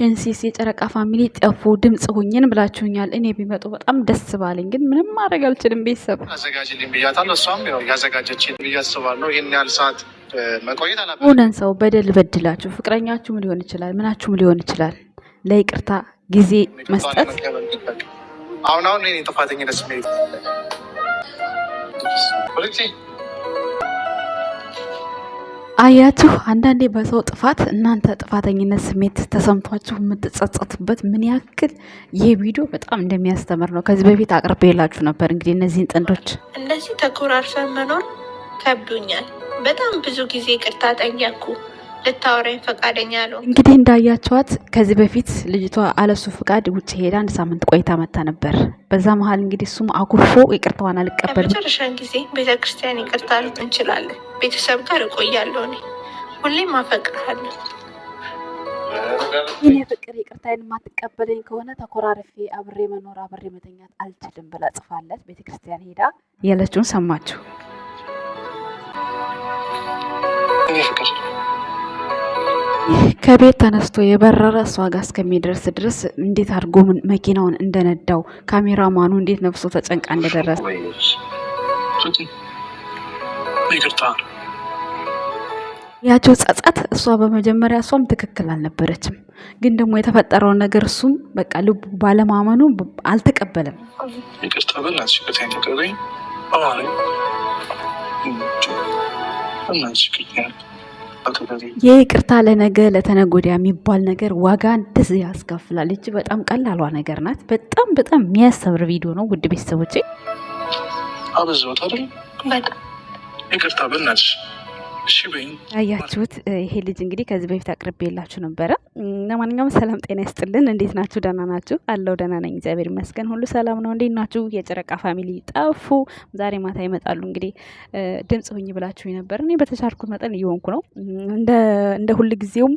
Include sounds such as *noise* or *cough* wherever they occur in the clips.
ፕሪንሴስ የጨረቃ ፋሚሊ ጠፉ ድምፅ ሁኝን ብላችሁኛል። እኔ ቢመጡ በጣም ደስ ባለኝ፣ ግን ምንም ማድረግ አልችልም። ቤተሰብ አዘጋጅልኝ ብያታለሁ። እሷም ይህን ያህል ሰዓት መቆየት አላ ሆነን ሰው በደል በድላችሁ ፍቅረኛችሁም ሊሆን ይችላል፣ ምናችሁም ሊሆን ይችላል። ለይቅርታ ጊዜ መስጠት አሁን አሁን ደስ አያችሁ አንዳንዴ በሰው ጥፋት እናንተ ጥፋተኝነት ስሜት ተሰምቷችሁ የምትጸጸቱበት ምን ያክል ይህ ቪዲዮ በጣም እንደሚያስተምር ነው። ከዚህ በፊት አቅርብ የላችሁ ነበር። እንግዲህ እነዚህን ጥንዶች እንደዚህ ተኮራርሰን መኖር ከብዶኛል። በጣም ብዙ ጊዜ ቅርታ ጠየቅኩ። ልታወራኝ ፈቃደኛ አሉ። እንግዲህ እንዳያቸዋት ከዚህ በፊት ልጅቷ አለሱ ፈቃድ ውጭ ሄዳ አንድ ሳምንት ቆይታ መታ ነበር። በዛ መሀል እንግዲህ እሱም አኩርፎ ይቅርታዋን አልቀበልም። መጨረሻን ጊዜ ቤተ ክርስቲያን ይቅርታ እንችላለን። ቤተሰብ ጋር እቆያለሁ። እኔ ሁሌም አፈቅርሃለሁ። ይህን የፍቅር ይቅርታዬን የማትቀበለኝ ከሆነ ተኮራርፌ አብሬ መኖር አብሬ መተኛት አልችልም ብላ ጽፋለት ቤተ ክርስቲያን ሄዳ ያለችውን ሰማችሁ። ከቤት ተነስቶ የበረረ እሷ ጋር እስከሚደርስ ድረስ እንዴት አድርጎ መኪናውን እንደነዳው ካሜራማኑ እንዴት ነፍሶ ተጨንቃ እንደደረሰ ያቸው ጸጸት። እሷ በመጀመሪያ እሷም ትክክል አልነበረችም፣ ግን ደግሞ የተፈጠረውን ነገር እሱም በቃ ልቡ ባለማመኑ አልተቀበለም። ይቅርታ ለነገ ለተነጎዳ የሚባል ነገር ዋጋ ድዝ ያስከፍላል። እጅ በጣም ቀላሏ ነገር ናት። በጣም በጣም የሚያስተምር ቪዲዮ ነው። ውድ ቤተሰቦቼ አብዞት አይደል? ይቅርታ በእናትሽ አያችሁት። ይሄ ልጅ እንግዲህ ከዚህ በፊት አቅርቤላችሁ ነበረ። ለማንኛውም ሰላም ጤና ይስጥልን። እንዴት ናችሁ? ደህና ናችሁ? አለው ደህና ነኝ፣ እግዚአብሔር ይመስገን፣ ሁሉ ሰላም ነው። እንዴት ናችሁ? የጨረቃ ፋሚሊ ጠፉ፣ ዛሬ ማታ ይመጣሉ። እንግዲህ ድምጽ ሁኝ ብላችሁ ነበር። እኔ በተቻልኩት መጠን እየሆንኩ ነው እንደ ጊዜውም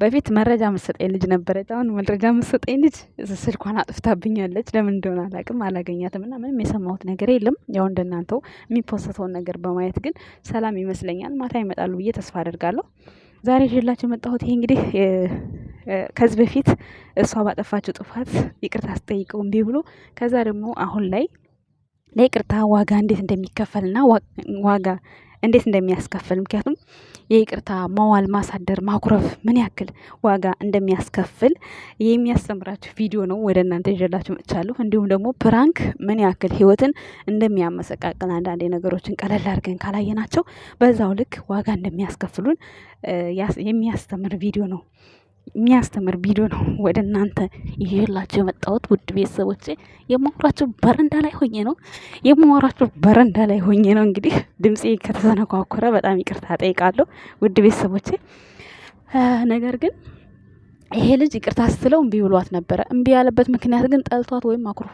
በፊት መረጃ መሰጠኝ ልጅ ነበረች። አሁን መረጃ መሰጠኝ ልጅ ስልኳን አጥፍታብኛለች። ለምን እንደሆነ አላውቅም፣ አላገኛትም እና ምንም የሰማሁት ነገር የለም። ያው እንደናንተው የሚፖሰተውን ነገር በማየት ግን ሰላም ይመስለኛል። ማታ ይመጣሉ ብዬ ተስፋ አደርጋለሁ። ዛሬ ይዤላችሁ የመጣሁት ይሄ እንግዲህ ከዚህ በፊት እሷ ባጠፋችው ጥፋት ይቅርታ አስጠይቀው እምቢ ብሎ ከዛ ደግሞ አሁን ላይ ለይቅርታ ዋጋ እንዴት እንደሚከፈልና ዋጋ እንዴት እንደሚያስከፍል ምክንያቱም የይቅርታ መዋል ማሳደር ማኩረፍ ምን ያክል ዋጋ እንደሚያስከፍል የሚያስተምራችሁ ቪዲዮ ነው ወደ እናንተ ይዤላችሁ መጥቻለሁ። እንዲሁም ደግሞ ፕራንክ ምን ያክል ህይወትን እንደሚያመሰቃቅል አንዳንድ ነገሮችን ቀለል አድርገን ካላየናቸው በዛው ልክ ዋጋ እንደሚያስከፍሉን የሚያስተምር ቪዲዮ ነው። የሚያስተምር ቪዲዮ ነው ወደ እናንተ ይዤላችሁ የመጣሁት ውድ ቤተሰቦቼ። የማወራችሁ በረንዳ ላይ ሆኜ ነው የማወራችሁ በረንዳ ላይ ሆኜ ነው። እንግዲህ ድምፄ ከተሰነኳኮረ በጣም ይቅርታ ጠይቃለሁ ውድ ቤተሰቦቼ። ነገር ግን ይሄ ልጅ ይቅርታ ስትለው እምቢ ብሏት ነበረ። እምቢ ያለበት ምክንያት ግን ጠልቷት ወይም አኩርፎ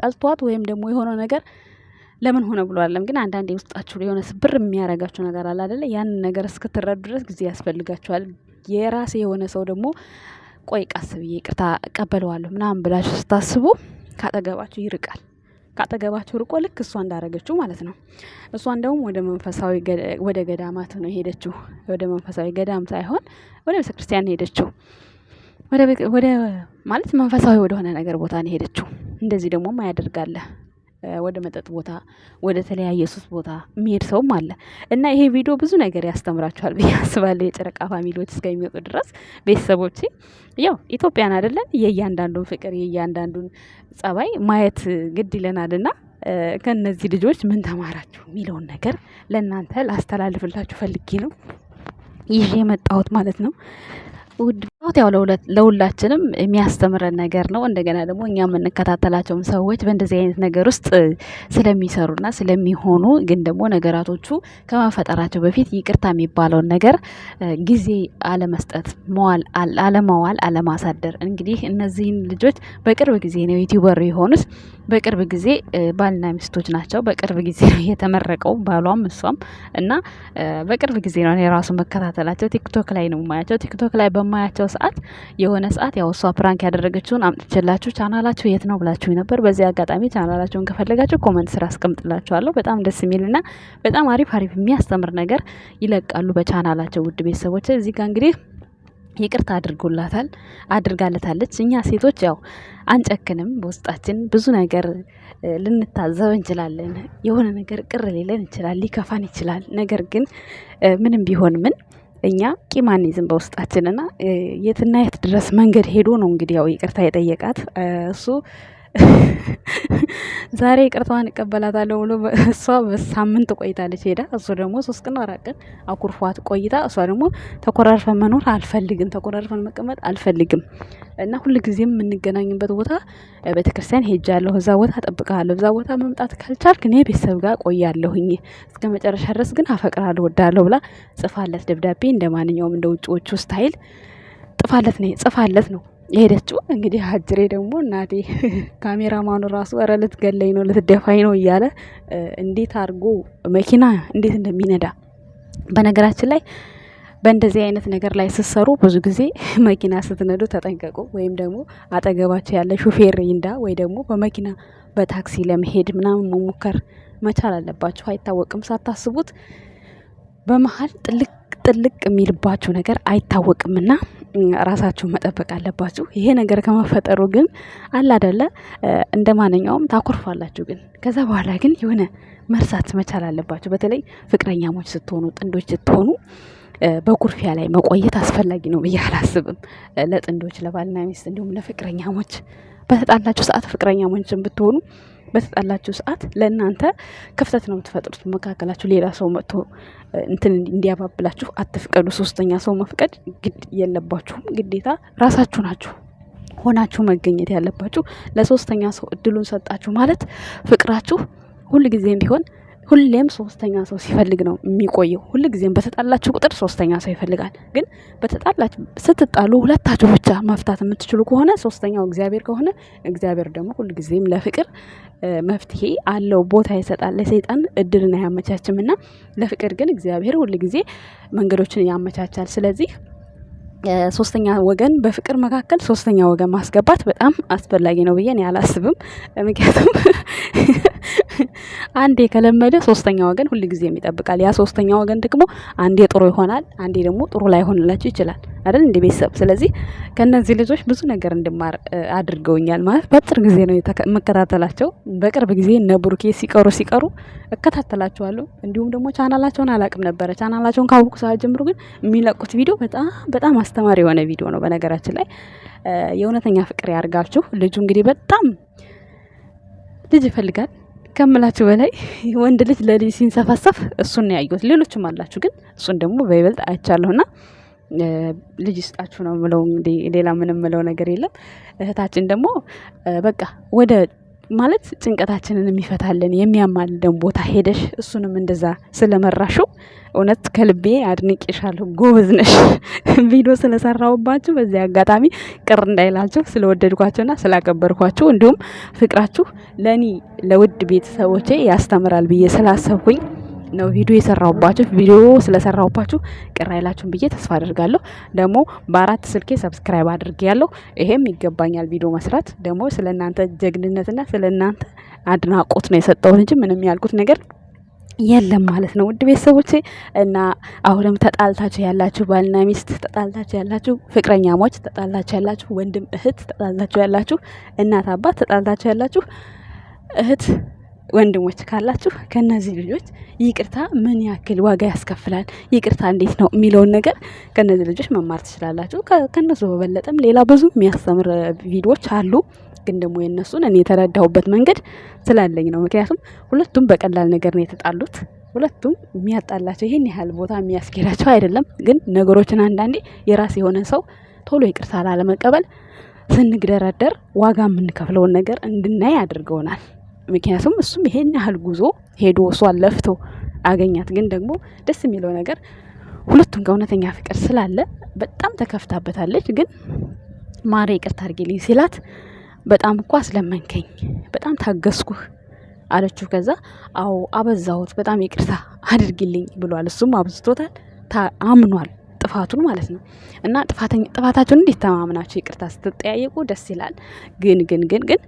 ጠልቷት ወይም ደግሞ የሆነ ነገር ለምን ሆነ ብሎ አለም። ግን አንዳንዴ ውስጣችሁ የሆነ ስብር የሚያረጋችሁ ነገር አለ አይደለ? ያንን ነገር እስክትረዱ ድረስ ጊዜ ያስፈልጋችኋል። የራሴ የሆነ ሰው ደግሞ ቆይ ቀስ ብዬ ይቅርታ እቀበለዋለሁ ምናምን ብላችሁ ስታስቡ ካጠገባችሁ ይርቃል። ካጠገባችሁ ርቆ ልክ እሷ እንዳረገችው ማለት ነው። እሷ እንደውም ወደ መንፈሳዊ ወደ ገዳማት ነው ሄደችው። ወደ መንፈሳዊ ገዳም ሳይሆን ወደ ቤተክርስቲያን ሄደችው። ወደ ማለት መንፈሳዊ ወደሆነ ነገር ቦታ ነው ሄደችው። እንደዚህ ደግሞ ያደርጋለ ወደ መጠጥ ቦታ፣ ወደ ተለያየ ሱስ ቦታ የሚሄድ ሰውም አለ እና ይሄ ቪዲዮ ብዙ ነገር ያስተምራችኋል ብዬ አስባለሁ። የጨረቃ ፋሚሊዎች እስከሚወጡ ድረስ ቤተሰቦች ያው ኢትዮጵያን አይደለን የእያንዳንዱን ፍቅር የእያንዳንዱን ጸባይ ማየት ግድ ይለናል እና ከእነዚህ ልጆች ምን ተማራችሁ የሚለውን ነገር ለእናንተ ላስተላልፍላችሁ ፈልጌ ነው ይዤ የመጣሁት ማለት ነው። ውድ ያው ለሁላችንም የሚያስተምረን ነገር ነው። እንደገና ደግሞ እኛ የምንከታተላቸውም ሰዎች በእንደዚህ አይነት ነገር ውስጥ ስለሚሰሩና ስለሚሆኑ ግን ደግሞ ነገራቶቹ ከመፈጠራቸው በፊት ይቅርታ የሚባለውን ነገር ጊዜ አለመስጠት፣ መዋል አለመዋል፣ አለማሳደር። እንግዲህ እነዚህን ልጆች በቅርብ ጊዜ ነው ዩቲዩበር የሆኑት። በቅርብ ጊዜ ባልና ሚስቶች ናቸው። በቅርብ ጊዜ ነው የተመረቀው ባሏም እሷም እና በቅርብ ጊዜ ነው የራሱ መከታተላቸው። ቲክቶክ ላይ ነው ማያቸው ቲክቶክ ላይ በማ በማያቸው ሰዓት የሆነ ሰዓት ያው እሷ ፕራንክ ያደረገችውን አምጥችላችሁ ቻናላችሁ የት ነው ብላችሁ ነበር። በዚህ አጋጣሚ ቻናላችሁን ከፈለጋችሁ ኮመንት ስራ አስቀምጥላችኋለሁ። በጣም ደስ የሚልና በጣም አሪፍ አሪፍ የሚያስተምር ነገር ይለቃሉ በቻናላቸው። ውድ ቤተሰቦች እዚህ ጋር እንግዲህ ይቅርታ አድርጎላታል አድርጋለታለች። እኛ ሴቶች ያው አንጨክንም፣ በውስጣችን ብዙ ነገር ልንታዘብ እንችላለን። የሆነ ነገር ቅር ሊለን ይችላል፣ ሊከፋን ይችላል። ነገር ግን ምንም ቢሆን ምን እኛ ቂም አንይዝም በውስጣችንና የትና የት ድረስ መንገድ ሄዶ ነው እንግዲህ ያው ይቅርታ የጠየቃት እሱ ዛሬ ይቅርታዋን እቀበላታለሁ ብሎ እሷ በሳምንት ቆይታለች ሄዳ፣ እሱ ደግሞ ሶስት ቀን አራት ቀን አኩርፏት ቆይታ፣ እሷ ደግሞ ተኮራርፈን መኖር አልፈልግም፣ ተኮራርፈን መቀመጥ አልፈልግም እና ጊዜም የምንገናኝበት ቦታ ቤተ ክርስቲያን ሄጃለሁ፣ እዛ ቦታ እጠብቅሃለሁ፣ እዛ ቦታ መምጣት ካልቻልክ እኔ ቤተሰብ ጋር ቆያለሁኝ፣ እስከ መጨረሻ ድረስ ግን አፈቅርሃለሁ፣ ወዳለሁ ብላ ጽፋለት ደብዳቤ እንደ ማንኛውም እንደ ውጭዎቹ ስታይል ጥፋለት ነው ጽፋለት ነው የሄደችው እንግዲህ አጅሬ ደግሞ እናቴ ካሜራማኑ ራሱ ኧረ ልትገለኝ ነው ልትደፋኝ ነው እያለ እንዴት አድርጎ መኪና እንዴት እንደሚነዳ በነገራችን ላይ በእንደዚህ አይነት ነገር ላይ ስትሰሩ ብዙ ጊዜ መኪና ስትነዱ ተጠንቀቁ። ወይም ደግሞ አጠገባቸው ያለ ሹፌር ይንዳ ወይ ደግሞ በመኪና በታክሲ ለመሄድ ምናምን መሞከር መቻል አለባችሁ። አይታወቅም፣ ሳታስቡት በመሀል ጥልቅ ጥልቅ የሚልባችሁ ነገር አይታወቅምና ራሳችሁን መጠበቅ አለባችሁ። ይሄ ነገር ከመፈጠሩ ግን አለ አደለ፣ እንደ ማንኛውም ታኮርፋላችሁ። ግን ከዛ በኋላ ግን የሆነ መርሳት መቻል አለባችሁ። በተለይ ፍቅረኛሞች ስትሆኑ፣ ጥንዶች ስትሆኑ በኩርፊያ ላይ መቆየት አስፈላጊ ነው ብዬ አላስብም። ለጥንዶች ለባልና ሚስት እንዲሁም ለፍቅረኛሞች በተጣላችሁ ሰዓት ፍቅረኛሞችን ብትሆኑ በተጣላችሁ ሰዓት ለእናንተ ክፍተት ነው የምትፈጥሩት። መካከላችሁ ሌላ ሰው መጥቶ እንትን እንዲያባብላችሁ አትፍቀዱ። ሶስተኛ ሰው መፍቀድ ግድ የለባችሁም። ግዴታ ራሳችሁ ናችሁ ሆናችሁ መገኘት ያለባችሁ። ለሶስተኛ ሰው እድሉን ሰጣችሁ ማለት ፍቅራችሁ ሁልጊዜም ቢሆን ሁሌም ሶስተኛ ሰው ሲፈልግ ነው የሚቆየው። ጊዜም በተጣላችሁ ቁጥር ሶስተኛ ሰው ይፈልጋል። ግን በተጣላችሁ ስትጣሉ ሁለታችሁ ብቻ መፍታት የምትችሉ ከሆነ ሶስተኛው እግዚአብሔር ከሆነ እግዚአብሔር ደግሞ ጊዜም ለፍቅር መፍትሄ አለው፣ ቦታ ይሰጣል። ለሰይጣን እድልን አያመቻችም እና ለፍቅር ግን እግዚአብሔር ጊዜ መንገዶችን ያመቻቻል። ስለዚህ ሶስተኛ ወገን በፍቅር መካከል ሶስተኛ ወገን ማስገባት በጣም አስፈላጊ ነው ብዬ እኔ አላስብም። ምክንያቱም አንዴ ከለመደ ሶስተኛ ወገን ሁል ጊዜ ይጠብቃል። ያ ሶስተኛ ወገን ደግሞ አንዴ ጥሩ ይሆናል፣ አንዴ ደግሞ ጥሩ ላይሆንላችሁ ይችላል አይደል? እንደ ቤተሰብ። ስለዚህ ከእነዚህ ልጆች ብዙ ነገር እንድማር አድርገውኛል። ማለት በአጭር ጊዜ ነው የምከታተላቸው። በቅርብ ጊዜ እነ ቡርኬ ሲቀሩ ሲቀሩ እከታተላቸዋለሁ። እንዲሁም ደግሞ ቻናላቸውን አላቅም ነበረ። ቻናላቸውን ካወቁ ሰዓት ጀምሮ ግን የሚለቁት ቪዲዮ በጣም በጣም አስተማሪ የሆነ ቪዲዮ ነው። በነገራችን ላይ የእውነተኛ ፍቅር ያርጋችሁ። ልጁ እንግዲህ በጣም ልጅ ይፈልጋል። ከምላችሁ በላይ ወንድ ልጅ ለልጅ ሲንሰፋሰፍ እሱን ነው ያየሁት። ሌሎችም አላችሁ፣ ግን እሱን ደግሞ በይበልጥ አይቻለሁና ልጅ ይስጣችሁ ነው ምለው። ሌላ ምንም ምለው ነገር የለም። እህታችን ደግሞ በቃ ወደ ማለት ጭንቀታችንን የሚፈታልን የሚያማልደን ቦታ ሄደሽ እሱንም እንደዛ ስለመራሽው እውነት ከልቤ አድንቄሻለሁ። ጎበዝ ነሽ። *laughs* ቪዲዮ ስለሰራውባችሁ በዚህ አጋጣሚ ቅር እንዳይላችሁ ስለወደድኳቸውና ስላከበርኳቸው እንዲሁም ፍቅራችሁ ለእኔ ለውድ ቤተሰቦቼ ያስተምራል ብዬ ስላሰብኩኝ ነው ቪዲዮ የሰራውባችሁ ቪዲዮ ስለሰራውባችሁ ቅር አይላችሁም ብዬ ተስፋ አድርጋለሁ። ደግሞ በአራት ስልኬ ሰብስክራይብ አድርጌ ያለሁ ይሄም ይገባኛል ቪዲዮ መስራት። ደግሞ ስለ እናንተ ጀግንነትና ስለ እናንተ አድናቆት ነው የሰጠሁት እንጂ ምንም ያልኩት ነገር የለም ማለት ነው። ውድ ቤተሰቦቼ እና አሁንም ተጣልታችሁ ያላችሁ ባልና ሚስት፣ ተጣልታችሁ ያላችሁ ፍቅረኛሞች፣ ተጣልታችሁ ያላችሁ ወንድም እህት፣ ተጣልታችሁ ያላችሁ እናት አባት፣ ተጣልታችሁ ያላችሁ እህት ወንድሞች ካላችሁ ከእነዚህ ልጆች ይቅርታ ምን ያክል ዋጋ ያስከፍላል፣ ይቅርታ እንዴት ነው የሚለውን ነገር ከነዚህ ልጆች መማር ትችላላችሁ። ከእነሱ በበለጠም ሌላ ብዙ የሚያስተምር ቪዲዮዎች አሉ። ግን ደግሞ የእነሱን እኔ የተረዳሁበት መንገድ ስላለኝ ነው። ምክንያቱም ሁለቱም በቀላል ነገር ነው የተጣሉት። ሁለቱም የሚያጣላቸው ይህን ያህል ቦታ የሚያስኬዳቸው አይደለም። ግን ነገሮችን አንዳንዴ የራስ የሆነ ሰው ቶሎ ይቅርታ ላለመቀበል ስንግደረደር ዋጋ የምንከፍለውን ነገር እንድናይ አድርገውናል። ምክንያቱም እሱም ይሄን ያህል ጉዞ ሄዶ እሷን ለፍቶ አገኛት። ግን ደግሞ ደስ የሚለው ነገር ሁለቱም ከእውነተኛ ፍቅር ስላለ በጣም ተከፍታበታለች። ግን ማሬ ይቅርታ አድርጌልኝ ሲላት በጣም እኮ አስለመንከኝ፣ በጣም ታገስኩህ አለችው። ከዛ አዎ አበዛሁት፣ በጣም ይቅርታ አድርጊልኝ ብሏል። እሱም አብዝቶታል፣ አምኗል። ጥፋቱን ማለት ነው እና ጥፋታችሁን እንዴት ተማምናችሁ ይቅርታ ስትጠያየቁ ደስ ይላል። ግን ግን ግን ግን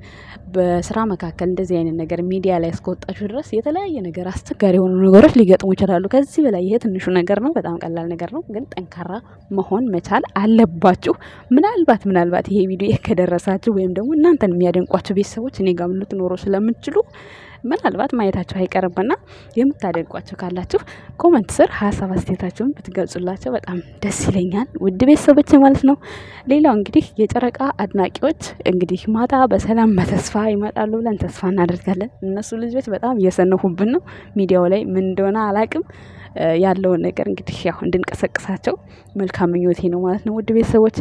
በስራ መካከል እንደዚህ አይነት ነገር ሚዲያ ላይ እስከወጣችሁ ድረስ የተለያየ ነገር አስቸጋሪ የሆኑ ነገሮች ሊገጥሙ ይችላሉ። ከዚህ በላይ ይሄ ትንሹ ነገር ነው። በጣም ቀላል ነገር ነው። ግን ጠንካራ መሆን መቻል አለባችሁ። ምናልባት ምናልባት ይሄ ቪዲዮ ከደረሳችሁ ወይም ደግሞ እናንተን የሚያደንቋቸው ቤተሰቦች እኔ ጋር ልትኖሩ ስለምችሉ ምናልባት ማየታቸው አይቀርምና የምታደንቋቸው ካላችሁ ኮመንት ስር ሀሳብ አስተያየታችሁን ብትገልጹላቸው በጣም ደስ ይለኛል፣ ውድ ቤተሰቦች ማለት ነው። ሌላው እንግዲህ የጨረቃ አድናቂዎች እንግዲህ ማታ በሰላም በተስፋ ይመጣሉ ብለን ተስፋ እናደርጋለን። እነሱ ልጆች በጣም እየሰነፉብን ነው። ሚዲያው ላይ ምን እንደሆነ አላቅም። ያለውን ነገር እንግዲህ ያው እንድንቀሰቅሳቸው መልካም ምኞቴ ነው ማለት ነው፣ ውድ ቤተሰቦቼ።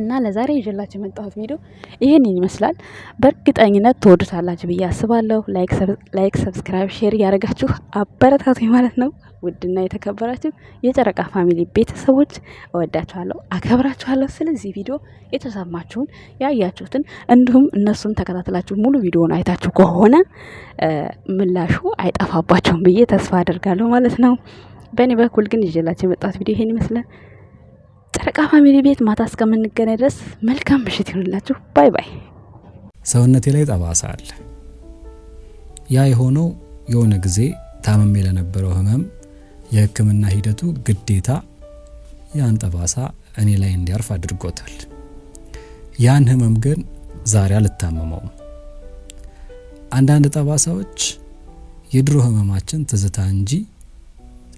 እና ለዛሬ ይዤላችሁ የመጣሁት ቪዲዮ ይህን ይመስላል። በእርግጠኝነት ትወዱታላችሁ ብዬ አስባለሁ። ላይክ፣ ሰብስክራይብ፣ ሼር እያደረጋችሁ አበረታቱ ማለት ነው። ውድና የተከበራችሁ የጨረቃ ፋሚሊ ቤተሰቦች እወዳችኋለሁ፣ አከብራችኋለሁ። ስለዚህ ቪዲዮ የተሰማችሁን ያያችሁትን፣ እንዲሁም እነሱን ተከታትላችሁ ሙሉ ቪዲዮን አይታችሁ ከሆነ ምላሹ አይጠፋባቸውም ብዬ ተስፋ አደርጋለሁ ማለት ነው። በእኔ በኩል ግን ይዤላችሁ የመጣሁት ቪዲዮ ይሄን ይመስላል። ጨረቃ ፋሚሊ ቤት ማታ እስከምንገናኝ ድረስ መልካም ምሽት ይሆንላችሁ። ባይ ባይ። ሰውነቴ ላይ ጠባሳ አለ። ያ የሆነው የሆነ ጊዜ ታመሜ ለነበረው ህመም የህክምና ሂደቱ ግዴታ ያን ጠባሳ እኔ ላይ እንዲያርፍ አድርጎታል። ያን ህመም ግን ዛሬ አልታመመውም። አንዳንድ ጠባሳዎች የድሮ ህመማችን ትዝታ እንጂ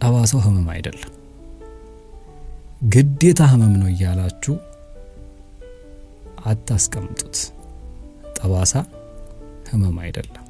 ጠባሳው ህመም አይደለም። ግዴታ ህመም ነው እያላችሁ አታስቀምጡት። ጠባሳ ህመም አይደለም።